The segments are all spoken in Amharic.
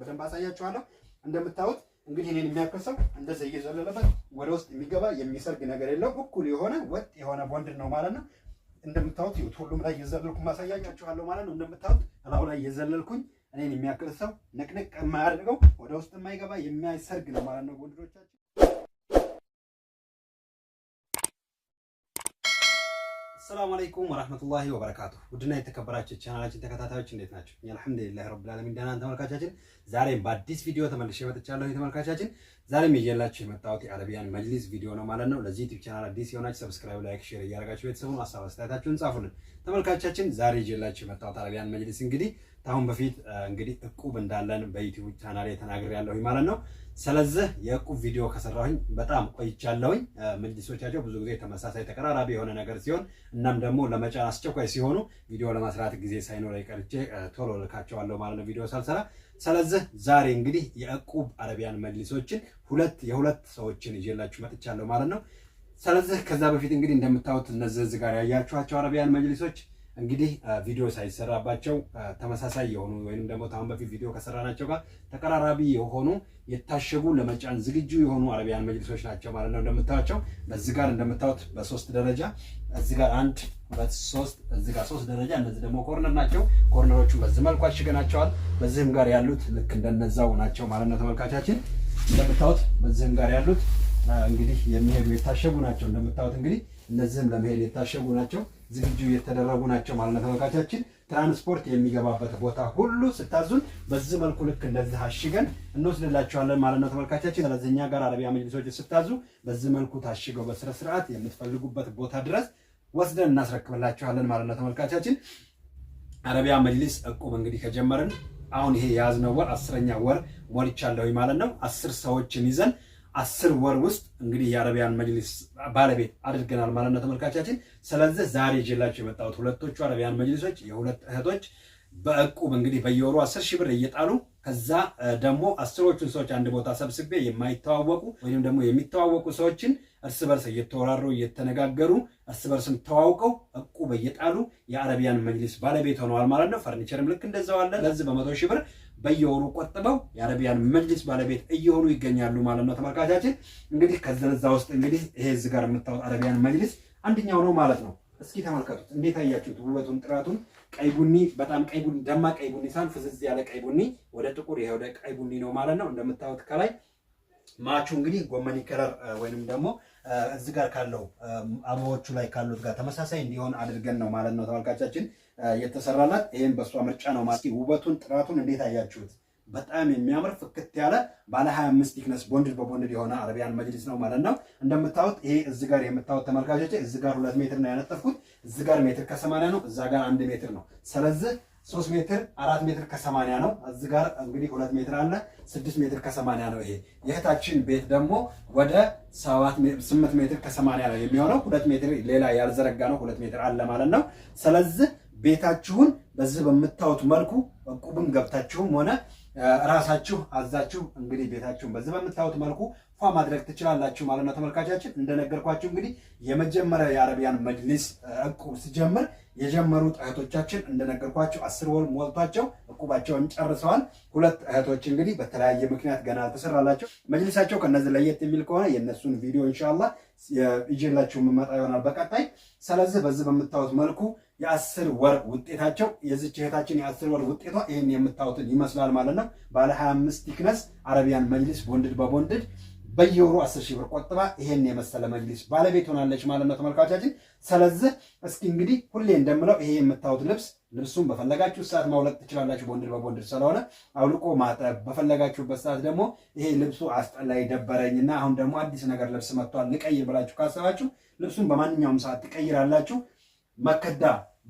በደንብ አሳያችኋለሁ። እንደምታዩት እንግዲህ የሚያክል የሚያከሰው እንደዚህ እየዘለለበት ወደ ውስጥ የሚገባ የሚሰርግ ነገር የለው እኩል የሆነ ወጥ የሆነ ቦንድ ነው ማለት ነው። እንደምታዩት ሁሉም ላይ እየዘለልኩ ማሳያችኋለሁ ማለት ነው። እንደምታዩት እላው ላይ እየዘለልኩኝ እኔን የሚያክል ሰው ንቅንቅ የማያደርገው ወደ ውስጥ የማይገባ የሚያሰርግ ነው ማለት ነው። ወንድሮቻችን ሰላም አለይኩም ወራህመቱላሂ ወበረካቱ። ውድና የተከበራችሁ ቻናላችን ተከታታዮች እንዴት ናቸው? አልሐምዱሊላህ ረብል ዓለሚን ደህና ነን ተመልካቻችን። ዛሬም በአዲስ ቪዲዮ ተመልሼ መጥቻለሁ ተመልካቻችን። ዛሬም ይዤላችሁ የመጣሁት የአረቢያን መጅሊስ ቪዲዮ ነው ማለት ነው። ለዚህ ዩቲዩብ ቻናል አዲስ የሆናችሁ ሰብስክራይብ፣ ላይክ፣ ሼር እያደረጋችሁ ቤተሰቡን ሀሳብ አስተያየታችሁን ጻፉልን ተመልካቻችን። ዛሬ ይዤላችሁ የመጣሁት አረቢያን መጅሊስ እንግዲህ ከአሁን በፊት እንግዲህ እቁብ እንዳለን በዩቲዩብ ቻናል ያለሁ ማለት ነው። ስለዚህ የእቁብ ቪዲዮ ከሰራሁኝ በጣም ቆይቻለሁኝ። መልሶቻቸው ብዙ ጊዜ ተመሳሳይ ተቀራራቢ የሆነ ነገር ሲሆን እናም ደግሞ ለመጫን አስቸኳይ ሲሆኑ ቪዲዮ ለመስራት ጊዜ ሳይኖረኝ ቀርቼ ቶሎ ልካቸዋለሁ ማለት ነው ቪዲዮ ሳልሰራ። ስለዚህ ዛሬ እንግዲህ የእቁብ አረቢያን መልሶችን ሁለት የሁለት ሰዎችን ይዤላችሁ መጥቻለሁ ማለት ነው። ስለዚህ ከዛ በፊት እንግዲህ እንደምታዩት እነዚህ እዚህ ጋር ያያችኋቸው አረቢያን መጅሊሶች እንግዲህ ቪዲዮ ሳይሰራባቸው ተመሳሳይ የሆኑ ወይም ደግሞ ታሁን በፊት ቪዲዮ ከሰራናቸው ጋር ተቀራራቢ የሆኑ የታሸጉ ለመጫን ዝግጁ የሆኑ አረቢያን መጅሊሶች ናቸው ማለት ነው። እንደምታዩቸው በዚህ ጋር እንደምታዩት በሶስት ደረጃ እዚህ ጋር አንድ ሁለት ሶስት እዚህ ጋር ሶስት ደረጃ እነዚህ ደግሞ ኮርነር ናቸው። ኮርነሮቹ በዚህ መልኩ አሽገናቸዋል። በዚህም ጋር ያሉት ልክ እንደነዛው ናቸው ማለት ነው። ተመልካቻችን እንደምታዩት በዚህም ጋር ያሉት እንግዲህ የሚሄዱ የታሸጉ ናቸው። እንደምታዩት እንግዲህ እነዚህም ለመሄድ የታሸጉ ናቸው። ዝግጁ የተደረጉ ናቸው ማለት ነው። ተመልካቻችን ትራንስፖርት የሚገባበት ቦታ ሁሉ ስታዙን በዚህ መልኩ ልክ እንደዚህ አሽገን እንወስድላቸዋለን ማለት ነው። ተመልካቻችን ስለዚህ ጋር አረቢያ መጅሊሶች ስታዙ በዚህ መልኩ ታሽገው በስነ ስርዓት የምትፈልጉበት ቦታ ድረስ ወስደን እናስረክብላቸዋለን ማለት ነው። ተመልካቻችን አረቢያ መጅሊስ እቁብ እንግዲህ ከጀመርን አሁን ይሄ የያዝነው ወር አስረኛ ወር ሞልቻለሁ ማለት ነው። አስር ሰዎችን ይዘን አስር ወር ውስጥ እንግዲህ የአረቢያን መጅሊስ ባለቤት አድርገናል ማለት ነው ተመልካቻችን። ስለዚህ ዛሬ ይዤላችሁ የመጣሁት ሁለቶቹ አረቢያን መጅሊሶች የሁለት እህቶች በእቁብ እንግዲህ በየወሩ አስር ሺህ ብር እየጣሉ ከዛ ደግሞ አስሮቹን ሰዎች አንድ ቦታ ሰብስቤ የማይተዋወቁ ወይም ደግሞ የሚተዋወቁ ሰዎችን እርስ በርስ እየተወራሩ እየተነጋገሩ እርስ በርስም ተዋውቀው እቁ በየጣሉ የአረቢያን መጅሊስ ባለቤት ሆነዋል ማለት ነው። ፈርኒቸርም ልክ እንደዛው አለ። ለዚህ በመቶ ሺህ ብር በየወሩ ቆጥበው የአረቢያን መጅሊስ ባለቤት እየሆኑ ይገኛሉ ማለት ነው። ተመልካቻችን እንግዲህ ከዘነዛ ውስጥ እንግዲህ ይሄ እዚህ ጋር የምታወት አረቢያን መጅሊስ አንደኛው ነው ማለት ነው። እስኪ ተመልከቱት፣ እንዴት አያችሁት? ውበቱን ጥራቱን። ቀይ ቡኒ በጣም ቀይ ቡኒ፣ ደማቅ ቀይ ቡኒ ሳን ፍዝዝ ያለ ቀይ ቡኒ ወደ ጥቁር ይሄ ወደ ቀይ ቡኒ ነው ማለት ነው። እንደምታዩት ከላይ ማቹ እንግዲህ ጎመኒ ከለር ወይንም ደግሞ እዚህ ጋር ካለው አበቦቹ ላይ ካሉት ጋር ተመሳሳይ እንዲሆን አድርገን ነው ማለት ነው ተመልካቻችን የተሰራላት። ይህም በእሷ ምርጫ ነው ማለት ውበቱን ጥራቱን እንዴት አያችሁት? በጣም የሚያምር ፍክት ያለ ባለ 25 ቲክነስ ቦንድድ በቦንድድ የሆነ አረቢያን መጅሊስ ነው ማለት ነው። እንደምታዩት ይሄ እዚህ ጋር የምታዩት ተመልካቾች እዚህ ጋር ሁለት ሜትር ነው ያነጠፍኩት። እዚህ ጋር ሜትር ከሰማንያ ነው፣ እዛ ጋር አንድ ሜትር ነው። ስለዚህ ሶስት ሜትር አራት ሜትር ከሰማኒያ ነው። እዚህ ጋር እንግዲህ ሁለት ሜትር አለ ስድስት ሜትር ከሰማኒያ ነው። ይሄ የእህታችን ቤት ደግሞ ወደ ስምንት ሜትር ከሰማንያ ነው የሚሆነው። ሁለት ሜትር ሌላ ያልዘረጋ ነው ሁለት ሜትር አለ ማለት ነው። ስለዚህ ቤታችሁን በዚህ በምታዩት መልኩ እቁብም ገብታችሁም ሆነ ራሳችሁ አዛችሁ እንግዲህ ቤታችሁን በዚህ በምታዩት መልኩ ፏ ማድረግ ትችላላችሁ ማለት ነው። ተመልካቻችን እንደነገርኳችሁ እንግዲህ የመጀመሪያ የአረቢያን መጅሊስ እቁብ ሲጀምር የጀመሩት እህቶቻችን እንደነገርኳቸው አስር ወር ሞልቷቸው እቁባቸውን ጨርሰዋል። ሁለት እህቶች እንግዲህ በተለያየ ምክንያት ገና አልተሰራላቸው መጅሊሳቸው ከነዚህ ለየት የሚል ከሆነ የእነሱን ቪዲዮ እንሻላ። ይዤላችሁ የምመጣ ይሆናል በቀጣይ። ስለዚህ በዚህ በምታዩት መልኩ የአስር ወር ውጤታቸው የዚች እህታችን የአስር ወር ውጤቷ ይህን የምታዩትን ይመስላል ማለት ነው። ባለ 25 ቲክነስ አረቢያን መጅሊስ ቦንድድ በቦንድድ በየወሩ 10 ሺህ ብር ቆጥባ ይሄን የመሰለ መጅሊስ ባለቤት ሆናለች ማለት ነው ተመልካቾቻችን። ስለዚህ እስኪ እንግዲህ ሁሌ እንደምለው ይሄ የምታዩት ልብስ ልብሱን በፈለጋችሁ ሰዓት ማውለቅ ትችላላችሁ። ቦንድር በቦንድር ስለሆነ አውልቆ ማጠብ በፈለጋችሁበት ሰዓት ደግሞ ይሄ ልብሱ አስጠላይ ደበረኝና አሁን ደግሞ አዲስ ነገር ልብስ መጥቷል ልቀይር ብላችሁ ካሰባችሁ ልብሱን በማንኛውም ሰዓት ትቀይራላችሁ። መከዳ፣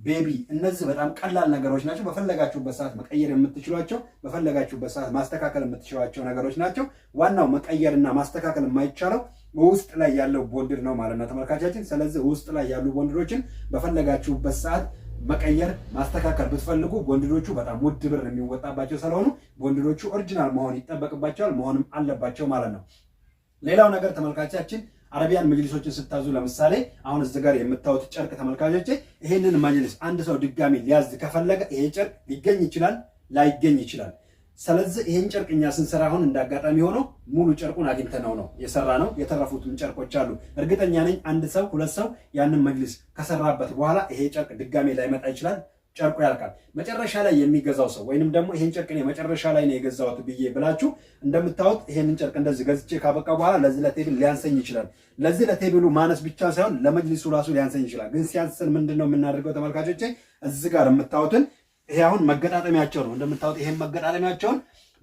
ቤቢ እነዚህ በጣም ቀላል ነገሮች ናቸው። በፈለጋችሁበት ሰዓት መቀየር የምትችሏቸው በፈለጋችሁበት ሰዓት ማስተካከል የምትችሏቸው ነገሮች ናቸው። ዋናው መቀየርና ማስተካከል የማይቻለው ውስጥ ላይ ያለው ቦንድር ነው ማለት ነው ተመልካቻችን። ስለዚህ ውስጥ ላይ ያሉ ቦንድሮችን በፈለጋችሁበት ሰዓት መቀየር ማስተካከል ብትፈልጉ ቦንድዶቹ በጣም ውድ ብር የሚወጣባቸው ስለሆኑ ቦንድዶቹ ኦሪጂናል መሆን ይጠበቅባቸዋል፣ መሆንም አለባቸው ማለት ነው። ሌላው ነገር ተመልካቻችን አረቢያን መጅሊሶችን ስታዙ ለምሳሌ አሁን እዚህ ጋር የምታዩት ጨርቅ ተመልካቾች ይህንን መጅሊስ አንድ ሰው ድጋሚ ሊያዝ ከፈለገ ይሄ ጨርቅ ሊገኝ ይችላል፣ ላይገኝ ይችላል። ስለዚህ ይሄን ጨርቅ እኛ ስንሰራ አሁን እንዳጋጣሚ ሆኖ ሙሉ ጨርቁን አግኝተነው ነው የሰራ ነው። የተረፉትም ጨርቆች አሉ። እርግጠኛ ነኝ አንድ ሰው ሁለት ሰው ያንን መጅልስ ከሰራበት በኋላ ይሄ ጨርቅ ድጋሜ ላይመጣ ይችላል። ጨርቁ ያልቃል። መጨረሻ ላይ የሚገዛው ሰው ወይንም ደግሞ ይሄን ጨርቅ እኔ መጨረሻ ላይ ነው የገዛሁት ብዬ ብላችሁ እንደምታዩት ይሄንን ጨርቅ እንደዚህ ገዝቼ ካበቃ በኋላ ለዚህ ለቴብል ሊያንሰኝ ይችላል። ለዚህ ለቴብሉ ማነስ ብቻ ሳይሆን ለመጅሊሱ ራሱ ሊያንሰኝ ይችላል። ግን ሲያንስን ምንድን ነው የምናደርገው? ተመልካቾቼ እዚህ ጋር የምታዩትን ይሄ አሁን መገጣጠሚያቸው ነው እንደምታወጥ። ይሄን መገጣጠሚያቸውን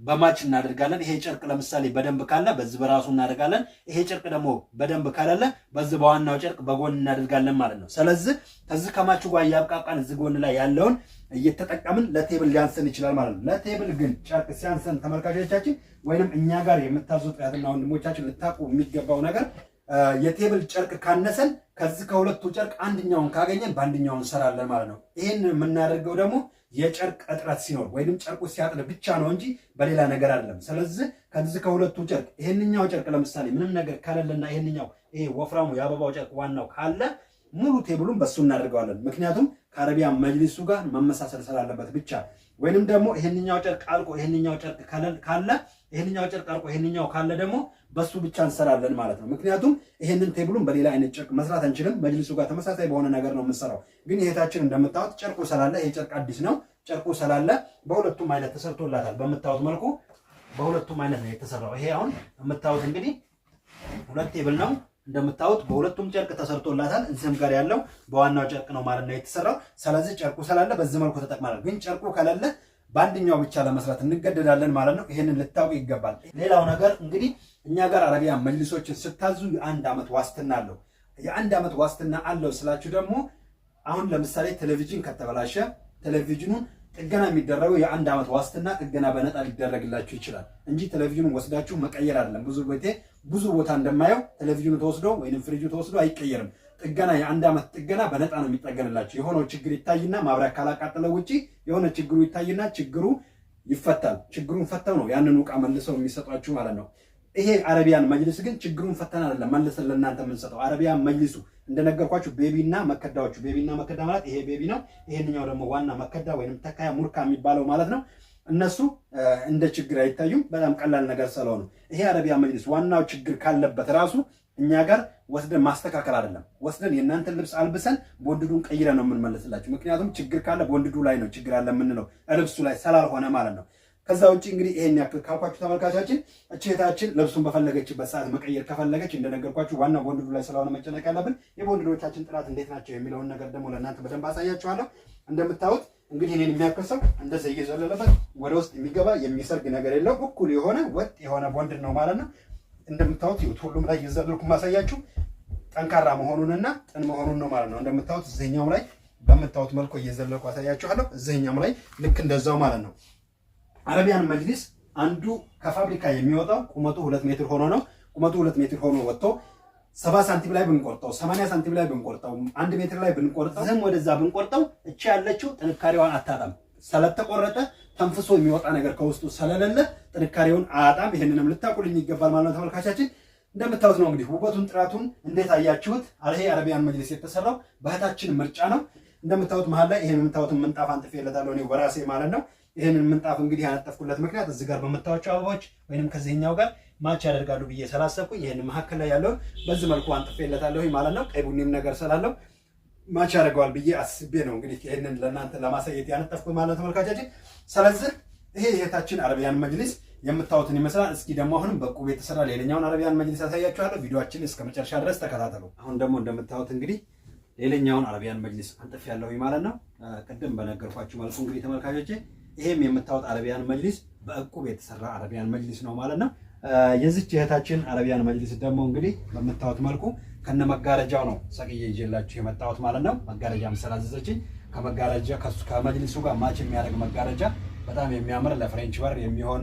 በማች እናደርጋለን። ይሄ ጨርቅ ለምሳሌ በደንብ ካለ በዚህ በራሱ እናደርጋለን። ይሄ ጨርቅ ደግሞ በደንብ ካላለ በዚህ በዋናው ጨርቅ በጎን እናደርጋለን ማለት ነው። ስለዚህ ከዚህ ከማቹ ጋር እያብቃቃን እዚህ ጎን ላይ ያለውን እየተጠቀምን ለቴብል ሊያንሰን ይችላል ማለት ነው። ለቴብል ግን ጨርቅ ሲያንሰን ተመልካቾቻችን፣ ወይንም እኛ ጋር የምታዙ ጥያትና ወንድሞቻችን ልታውቁ የሚገባው ነገር የቴብል ጨርቅ ካነሰን ከዚህ ከሁለቱ ጨርቅ አንድኛውን ካገኘን በአንድኛውን እንሰራለን ማለት ነው። ይህን የምናደርገው ደግሞ የጨርቅ እጥረት ሲኖር ወይንም ጨርቁ ሲያጥር ብቻ ነው እንጂ በሌላ ነገር አይደለም። ስለዚህ ከዚህ ከሁለቱ ጨርቅ ይሄንኛው ጨርቅ ለምሳሌ ምንም ነገር ከሌለና ይሄንኛው ይሄ ወፍራሙ የአበባው ጨርቅ ዋናው ካለ ሙሉ ቴብሉን በሱ እናደርገዋለን። ምክንያቱም ከአረቢያን መጅሊሱ ጋር መመሳሰል ስላለበት ብቻ ወይንም ደግሞ ይሄንኛው ጨርቅ አልቆ ይሄንኛው ጨርቅ ካለ ይሄንኛው ጨርቅ አልቆ ይሄንኛው ካለ ደግሞ በሱ ብቻ እንሰራለን ማለት ነው። ምክንያቱም ይሄንን ቴብሉን በሌላ አይነት ጨርቅ መስራት አንችልም። መጅልሱ ጋር ተመሳሳይ በሆነ ነገር ነው የምንሰራው። ግን ይሄታችን እንደምታወት ጨርቁ ስላለ ይሄ ጨርቅ አዲስ ነው። ጨርቁ ስላለ በሁለቱም አይነት ተሰርቶላታል። በምታዩት መልኩ በሁለቱም አይነት ነው የተሰራው። ይሄ አሁን የምታወት እንግዲህ ሁለት ቴብል ነው። እንደምታዩት በሁለቱም ጨርቅ ተሰርቶላታል። እዚህም ጋር ያለው በዋናው ጨርቅ ነው ማለት ነው የተሰራው። ስለዚህ ጨርቁ ስላለ በዚህ መልኩ ተጠቅማለ። ግን ጨርቁ ከሌለ በአንደኛው ብቻ ለመስራት እንገደዳለን ማለት ነው። ይህንን ልታውቅ ይገባል። ሌላው ነገር እንግዲህ እኛ ጋር አረቢያ መልሶችን ስታዙ የአንድ ዓመት ዋስትና አለው። የአንድ ዓመት ዋስትና አለው ስላችሁ ደግሞ አሁን ለምሳሌ ቴሌቪዥን ከተበላሸ ቴሌቪዥኑን ጥገና የሚደረገው የአንድ ዓመት ዋስትና ጥገና በነጣ ሊደረግላችሁ ይችላል እንጂ ቴሌቪዥኑን ወስዳችሁ መቀየር አይደለም። ብዙ ቤቴ ብዙ ቦታ እንደማየው ቴሌቪዥኑ ተወስዶ ወይም ፍሪጁ ተወስዶ አይቀየርም። ጥገና የአንድ ዓመት ጥገና በነጣ ነው የሚጠገንላችሁ። የሆነው ችግር ይታይና ማብሪያ ካላቃጠለው ውጭ የሆነ ችግሩ ይታይና ችግሩ ይፈታል። ችግሩን ፈተው ነው ያንን ዕቃ መልሰው የሚሰጧችሁ ማለት ነው። ይሄ አረቢያን መጅልስ ግን ችግሩን ፈተና አይደለም፣ መልሰን ለእናንተ የምንሰጠው አረቢያን መጅልሱ እንደነገርኳችሁ ቤቢና መከዳዎቹ። ቤቢና መከዳ ማለት ይሄ ቤቢ ነው። ይሄንኛው ደግሞ ዋና መከዳ ወይም ተካያ ሙርካ የሚባለው ማለት ነው። እነሱ እንደ ችግር አይታዩም፣ በጣም ቀላል ነገር ስለሆኑ። ይሄ አረቢያ መጅልስ ዋናው ችግር ካለበት ራሱ እኛ ጋር ወስደን ማስተካከል አይደለም፣ ወስደን የእናንተን ልብስ አልብሰን ቦንድዱን ቀይረ ነው የምንመልስላችሁ። ምክንያቱም ችግር ካለ ቦንድዱ ላይ ነው ችግር አለ የምንለው ልብሱ ላይ ስላልሆነ ማለት ነው። ከዛ ውጭ እንግዲህ ይሄን ያክል ካልኳችሁ ተመልካቻችን እህታችን ልብሱን በፈለገችበት ሰዓት መቀየር ከፈለገች እንደነገርኳችሁ ዋና ቦንድዱ ላይ ስለሆነ መጨነቅ ያለብን የቦንድዶቻችን ጥራት እንዴት ናቸው የሚለውን ነገር ደግሞ ለእናንተ በደንብ አሳያችኋለሁ። እንደምታዩት እንግዲህ እኔን የሚያክል ሰው እንደዚህ እየዘለለበት ወደ ውስጥ የሚገባ የሚሰርግ ነገር የለው እኩል የሆነ ወጥ የሆነ ቦንድድ ነው ማለት ነው። እንደምታዩት ይሁት ሁሉም ላይ እየዘለልኩ ማሳያችሁ ጠንካራ መሆኑንና ጥን መሆኑን ነው ማለት ነው። እንደምታዩት እዚህኛው ላይ በምታዩት መልኩ እየዘለልኩ አሳያችኋለሁ። እዚህኛው ላይ ልክ እንደዛው ማለት ነው። አረቢያን መጅሊስ አንዱ ከፋብሪካ የሚወጣው ቁመቱ ሁለት ሜትር ሆኖ ነው። ቁመቱ ሁለት ሜትር ሆኖ ወጥቶ ሰባ ሳንቲም ላይ ብንቆርጠው፣ ሰማንያ ሳንቲም ላይ ብንቆርጠው፣ አንድ ሜትር ላይ ብንቆርጠው፣ ዝም ወደዛ ብንቆርጠው እቺ ያለችው ጥንካሬዋን አታጣም። ስለተቆረጠ ተንፍሶ የሚወጣ ነገር ከውስጡ ስለሌለ ጥንካሬውን አጣም። ይህንንም ልታቁልኝ ይገባል ማለት ነው ተመልካቻችን። እንደምታዩት ነው እንግዲህ ውበቱን ጥራቱን እንዴት አያችሁት? ይሄ አረቢያን መጅሊስ የተሰራው በእህታችን ምርጫ ነው። እንደምታዩት መሀል ላይ ይህን የምታዩትን ምንጣፍ አንጥፌለታለሁ እኔ በራሴ ማለት ነው። ይህንን ምንጣፍ እንግዲህ ያነጠፍኩለት ምክንያት እዚህ ጋር በምታዩቸው አበባዎች ወይንም ከዚህኛው ጋር ማች ያደርጋሉ ብዬ ስላሰብኩኝ ይህን መካከል ላይ ያለውን በዚህ መልኩ አንጥፌለታለሁ ማለት ነው። ቀይ ቡኒም ነገር ስላለው ማች ያደርገዋል ብዬ አስቤ ነው እንግዲህ ይህንን ለእናንተ ለማሳየት ያነጠፍኩ ማለት ነው ተመልካቻችን። ስለዚህ ይሄ የእህታችን አረቢያን መጅሊስ የምታዩትን ይመስላል። እስኪ ደግሞ አሁንም በቁብ የተሰራ ሌላኛውን አረቢያን መጅሊስ ያሳያችኋለሁ። ቪዲዮችን እስከ መጨረሻ ድረስ ተከታተሉ። አሁን ደግሞ እንደምታዩት እንግዲህ ሌላኛውን አረቢያን መጅሊስ አንጥፍ ያለው ማለት ነው። ቅድም በነገርኳችሁ መልኩ እንግዲህ ተመልካቾች፣ ይሄም የምታወጥ አረቢያን መጅሊስ በእቁብ የተሰራ አረቢያን መጅሊስ ነው ማለት ነው። የዚች እህታችን አረቢያን መጅሊስ ደግሞ እንግዲህ በምታወት መልኩ ከነ መጋረጃው ነው ሰቅዬ ይዤላችሁ የመጣሁት ማለት ነው። መጋረጃ መሰላዘዘችኝ ከመጋረጃ ከሱ ከመጅሊሱ ጋር ማች የሚያደርግ መጋረጃ በጣም የሚያምር ለፍሬንች በር የሚሆን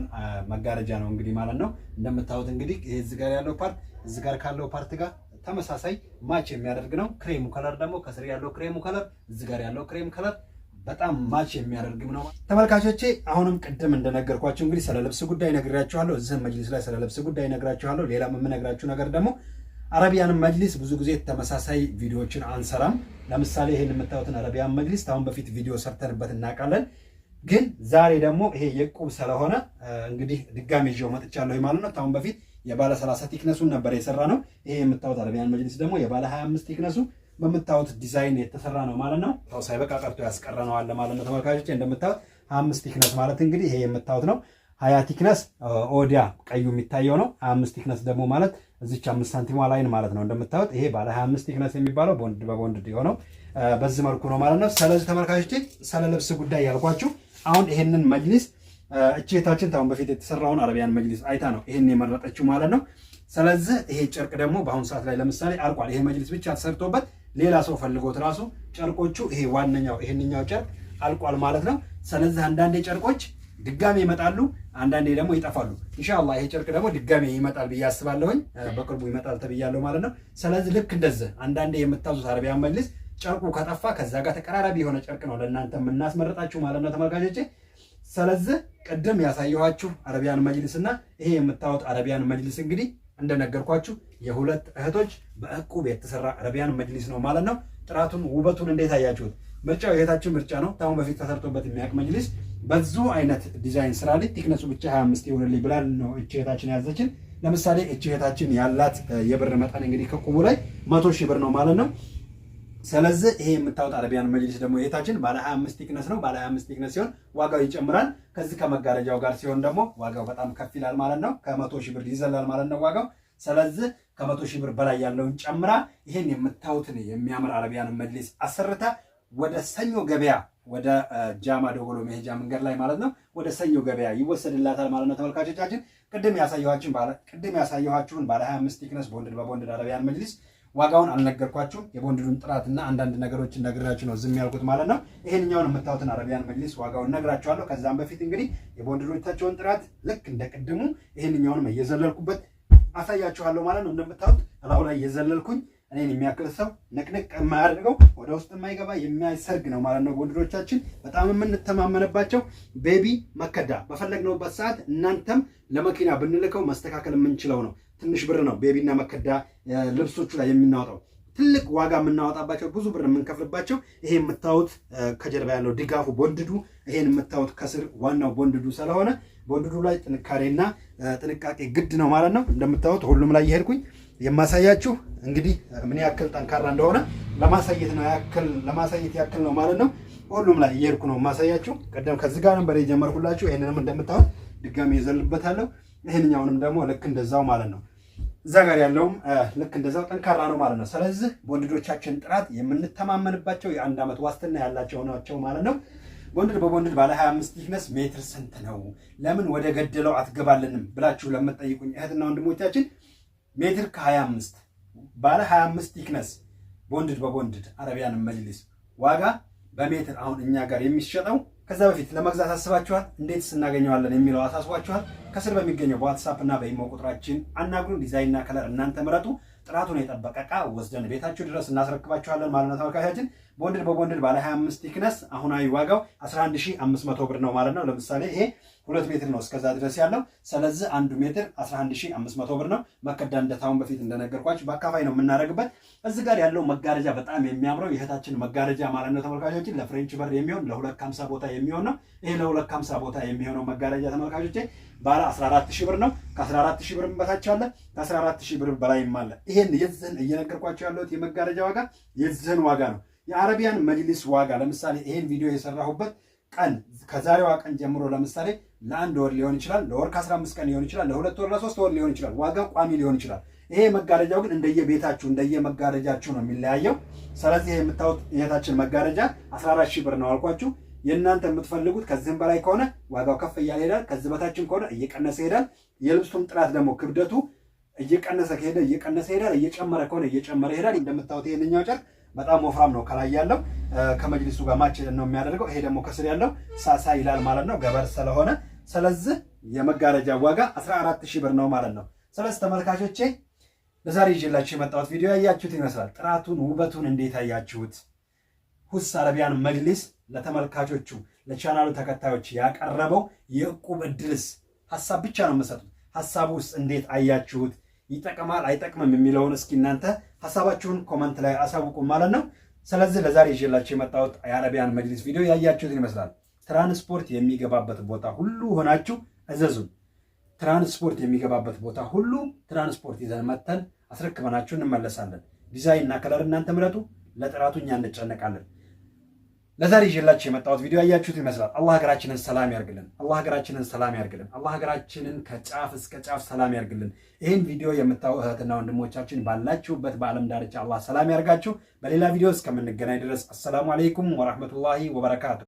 መጋረጃ ነው እንግዲህ ማለት ነው። እንደምታዩት እንግዲህ ይሄ እዚህ ጋር ያለው ፓርት እዚህ ጋር ካለው ፓርት ጋር ተመሳሳይ ማች የሚያደርግ ነው። ክሬሙ ከለር ደግሞ ከስር ያለው ክሬሙ ከለር እዚህ ጋር ያለው ክሬም ከለር በጣም ማች የሚያደርግም ነው። ተመልካቾቼ አሁንም ቅድም እንደነገርኳችሁ እንግዲህ ስለ ልብስ ጉዳይ ነግራችኋለሁ። እዚህም መጅሊስ ላይ ስለ ልብስ ጉዳይ ነግራችኋለሁ። ሌላም የምነግራችሁ ነገር ደግሞ አረቢያንም መጅሊስ ብዙ ጊዜ ተመሳሳይ ቪዲዮዎችን አንሰራም። ለምሳሌ ይሄን የምታዩትን አረቢያን መጅሊስ አሁን በፊት ቪዲዮ ሰርተንበት እናውቃለን። ግን ዛሬ ደግሞ ይሄ የቁብ ስለሆነ እንግዲህ ድጋሚ ይዤው መጥቻለሁ ማለት ነው። አሁን በፊት የባለ 30 ቲክነሱን ነበር የሰራ ነው። ይሄ የምታዩት አረቢያን መጅሊስ ደግሞ የባለ 25 ቲክነሱ በምታዩት ዲዛይን የተሰራ ነው ማለት ነው። ታው ሳይበቃ ቀርቶ ያስቀረነው አለ ማለት ነው። ተመልካቾች እንደምታዩት 25 ቲክነስ ማለት እንግዲህ ይሄ የምታዩት ነው። ሀያ ቲክነስ ኦዲያ ቀዩ የሚታየው ነው። 25 ቲክነስ ደግሞ ማለት እዚች 5 ሳንቲም ላይን ማለት ነው። እንደምታዩት ይሄ ባለ 25 ቲክነስ የሚባለው ቦንድ በቦንድ የሆነው በዚህ መልኩ ነው ማለት ነው። ስለዚህ ተመልካቾች ስለ ልብስ ጉዳይ ያልኳችሁ አሁን ይሄንን መጅሊስ እቼታችን ታሁን በፊት የተሰራውን አረቢያን መጅሊስ አይታ ነው ይህን የመረጠችው ማለት ነው። ስለዚህ ይሄ ጨርቅ ደግሞ በአሁኑ ሰዓት ላይ ለምሳሌ አልቋል። ይሄ መጅሊስ ብቻ ተሰርቶበት ሌላ ሰው ፈልጎት ራሱ ጨርቆቹ ይሄ ዋነኛው ይሄንኛው ጨርቅ አልቋል ማለት ነው። ስለዚህ አንዳንዴ ጨርቆች ድጋሜ ይመጣሉ፣ አንዳንዴ ደግሞ ይጠፋሉ። እንሻላ ይሄ ጨርቅ ደግሞ ድጋሜ ይመጣል ብዬ አስባለሁኝ። በቅርቡ ይመጣል ተብያለሁ ማለት ነው። ስለዚህ ልክ እንደዚህ አንዳንዴ የምታዙት አረቢያን መጅሊስ ጨርቁ ከጠፋ ከዛ ጋር ተቀራራቢ የሆነ ጨርቅ ነው ለእናንተ የምናስመረጣችሁ ማለት ነው ተመልካቾቼ ስለዚህ ቅድም ያሳየኋችሁ አረቢያን መጅልስና ይሄ የምታዩት አረቢያን መጅልስ እንግዲህ እንደነገርኳችሁ የሁለት እህቶች በእቁብ የተሰራ አረቢያን መጅሊስ ነው ማለት ነው። ጥራቱን ውበቱን እንዴት አያችሁት? ምርጫው የእህታችን ምርጫ ነው። ታሁን በፊት ተሰርቶበት የሚያውቅ መጅሊስ በዙ አይነት ዲዛይን ስራ ላይ ቲክነሱ ብቻ 25 ይሆንልኝ ብላል ነው እቺ እህታችን ያዘችን። ለምሳሌ እቺ እህታችን ያላት የብር መጠን እንግዲህ ከቁቡ ላይ መቶ ሺህ ብር ነው ማለት ነው። ስለዚህ ይሄ የምታዩት አረቢያን መጅሊስ ደግሞ የታችን ባለ 25 ቲክነስ ነው። ባለ 25 ቲክነስ ሲሆን ዋጋው ይጨምራል። ከዚህ ከመጋረጃው ጋር ሲሆን ደግሞ ዋጋው በጣም ከፍ ይላል ማለት ነው። ከመቶ ሺህ ብር ይዘላል ማለት ነው ዋጋው። ስለዚህ ከመቶ ሺህ ብር በላይ ያለውን ጨምራ ይሄን የምታዩትን የሚያምር አረቢያን መጅሊስ አሰርታ ወደ ሰኞ ገበያ ወደ ጃማ ደጎሎ መሄጃ መንገድ ላይ ማለት ነው ወደ ሰኞ ገበያ ይወሰድላታል ማለት ነው። ተመልካቾቻችን ቅድም ያሳየኋችሁን ባለ ቅድም ያሳየኋችሁን ባለ 25 ቲክነስ ቦንድድ በቦንድድ አረቢያን መጅሊስ ዋጋውን አልነገርኳችሁም። የቦንድዱን ጥራትና አንዳንድ ነገሮችን ነግራችሁ ነው ዝም ያልኩት ማለት ነው። ይህንኛውን የምታዩትን አረቢያን መጅሊስ ዋጋውን ነግራችኋለሁ። ከዛም በፊት እንግዲህ የቦንድዶቻቸውን ጥራት ልክ እንደ ቅድሙ ይህንኛውንም እየዘለልኩበት አሳያችኋለሁ ማለት ነው። እንደምታዩት እላው ላይ እየዘለልኩኝ እኔን የሚያክል ሰው ንቅንቅ የማያደርገው ወደ ውስጥ የማይገባ የሚያሰርግ ነው ማለት ነው። ቦንድዶቻችን በጣም የምንተማመንባቸው ቤቢ መከዳ በፈለግነውበት ሰዓት እናንተም ለመኪና ብንልከው መስተካከል የምንችለው ነው። ትንሽ ብር ነው ቤቢና መከዳ ልብሶቹ ላይ የምናወጣው። ትልቅ ዋጋ የምናወጣባቸው ብዙ ብር የምንከፍልባቸው ይሄ የምታዩት ከጀርባ ያለው ድጋፉ ቦንድዱ፣ ይሄን የምታዩት ከስር ዋናው ቦንድዱ ስለሆነ ቦንድዱ ላይ ጥንካሬና ጥንቃቄ ግድ ነው ማለት ነው። እንደምታዩት ሁሉም ላይ የሄድኩኝ የማሳያችሁ እንግዲህ ምን ያክል ጠንካራ እንደሆነ ለማሳየት ነው ያክል ለማሳየት ያክል ነው ማለት ነው። ሁሉም ላይ እየሄድኩ ነው የማሳያችሁ። ቀደም ከዚህ ጋር ነበር የጀመርኩላችሁ። ይህንንም እንደምታዩት ድጋሚ ይዘልበታለሁ። ይሄንኛውንም ደግሞ ልክ እንደዛው ማለት ነው። እዛ ጋር ያለውም ልክ እንደዛው ጠንካራ ነው ማለት ነው። ስለዚህ ቦንድዶቻችን ጥራት የምንተማመንባቸው የአንድ ዓመት ዋስትና ያላቸው ናቸው ማለት ነው። ቦንድድ በቦንድድ ባለ 25 ቲክነስ ሜትር ስንት ነው? ለምን ወደ ገደለው አትገባልንም ብላችሁ ለምትጠይቁኝ እህትና ወንድሞቻችን ሜትር ከ25 ባለ 25 ቲክነስ ቦንድድ በቦንድድ አረቢያን መጅሊስ ዋጋ በሜትር አሁን እኛ ጋር የሚሸጠው ከዛ በፊት ለመግዛት አስባችኋል? እንዴትስ እናገኘዋለን የሚለው አሳስቧችኋል? ከስር በሚገኘው በዋትሳፕ እና በኢሞ ቁጥራችን አናግሩን። ዲዛይንና ከለር እናንተ ምረጡ። ጥራቱን የጠበቀ ዕቃ ወስደን ቤታችሁ ድረስ እናስረክባችኋለን ማለት ነው ተመልካቻችን። ቦንድድ በቦንድድ ባለ 25 ቲክነስ አሁናዊ ዋጋው 11500 ብር ነው ማለት ነው። ለምሳሌ ይሄ ሁለት ሜትር ነው እስከዛ ድረስ ያለው። ስለዚህ አንዱ ሜትር 11500 ብር ነው። መከዳ እንደታሁን በፊት እንደነገርኳችሁ በአካፋይ ነው የምናደርግበት። እዚህ ጋር ያለው መጋረጃ በጣም የሚያምረው የእህታችን መጋረጃ ማለት ነው ተመልካቾችን፣ ለፍሬንች በር የሚሆን ለሁለት ሃምሳ ቦታ የሚሆን ነው። ይሄ ለሁለት ሃምሳ ቦታ የሚሆነው መጋረጃ ተመልካቾች ባለ 14000 ብር ነው። ከ14000 ብር በታች አለ፣ ከ14000 ብር በላይም አለ። ይሄን የዚህን እየነገርኳቸው ያለሁት የመጋረጃ ዋጋ የዝህን ዋጋ ነው። የአረቢያን መጅሊስ ዋጋ ለምሳሌ ይሄን ቪዲዮ የሰራሁበት ቀን ከዛሬዋ ቀን ጀምሮ ለምሳሌ ለአንድ ወር ሊሆን ይችላል፣ ለወር ከ15 ቀን ሊሆን ይችላል፣ ለሁለት ወር ለሶስት ወር ሊሆን ይችላል። ዋጋው ቋሚ ሊሆን ይችላል። ይሄ መጋረጃው ግን እንደየቤታችሁ እንደየመጋረጃችሁ ነው የሚለያየው። ስለዚህ ይሄ የምታዩት የቤታችን መጋረጃ 14 ሺህ ብር ነው አልኳችሁ። የእናንተ የምትፈልጉት ከዚህም በላይ ከሆነ ዋጋው ከፍ እያለ ይሄዳል። ከዚህ በታችም ከሆነ እየቀነሰ ይሄዳል። የልብሱም ጥራት ደግሞ ክብደቱ እየቀነሰ ከሄደ እየቀነሰ ይሄዳል። እየጨመረ ከሆነ እየጨመረ ይሄዳል። እንደምታዩት ይሄንኛው ጨርቅ በጣም ወፍራም ነው። ከላይ ያለው ከመጅሊሱ ጋር ማች ነው የሚያደርገው። ይሄ ደግሞ ከስር ያለው ሳሳ ይላል ማለት ነው፣ ገበር ስለሆነ። ስለዚህ የመጋረጃ ዋጋ 14000 ብር ነው ማለት ነው። ስለዚህ ተመልካቾቼ ለዛሬ ይዤላችሁ የመጣሁት ቪዲዮ ያያችሁት ይመስላል። ጥራቱን ውበቱን እንዴት ያያችሁት? ሁስ አረቢያን መጅሊስ ለተመልካቾቹ ለቻናሉ ተከታዮች ያቀረበው የእቁብ እድልስ ሀሳብ ብቻ ነው የምሰጡት። ሀሳቡ ውስጥ እንዴት አያችሁት? ይጠቅማል አይጠቅምም የሚለውን እስኪ እናንተ ሀሳባችሁን ኮመንት ላይ አሳውቁ ማለት ነው። ስለዚህ ለዛሬ ይዤላችሁ የመጣሁት የአረቢያን መጅሊስ ቪዲዮ ያያችሁትን ይመስላል። ትራንስፖርት የሚገባበት ቦታ ሁሉ ሆናችሁ እዘዙን። ትራንስፖርት የሚገባበት ቦታ ሁሉ ትራንስፖርት ይዘን መተን አስረክበናችሁ እንመለሳለን። ዲዛይን እና ከለር እናንተ ምረጡ። ለጥራቱ እኛ እንጨነቃለን። ለዛሬ ይዤላችሁ የመጣሁት ቪዲዮ ያያችሁት ይመስላል። አላህ ሀገራችንን ሰላም ያርግልን። አላህ ሀገራችንን ሰላም ያርግልን። አላህ ሀገራችንን ከጫፍ እስከ ጫፍ ሰላም ያርግልን። ይህን ቪዲዮ የምታዩ እህትና ወንድሞቻችን ባላችሁበት በዓለም ዳርቻ አላህ ሰላም ያርጋችሁ። በሌላ ቪዲዮ እስከምንገናኝ ድረስ አሰላሙ አለይኩም ወራህመቱላሂ ወበረካቱ።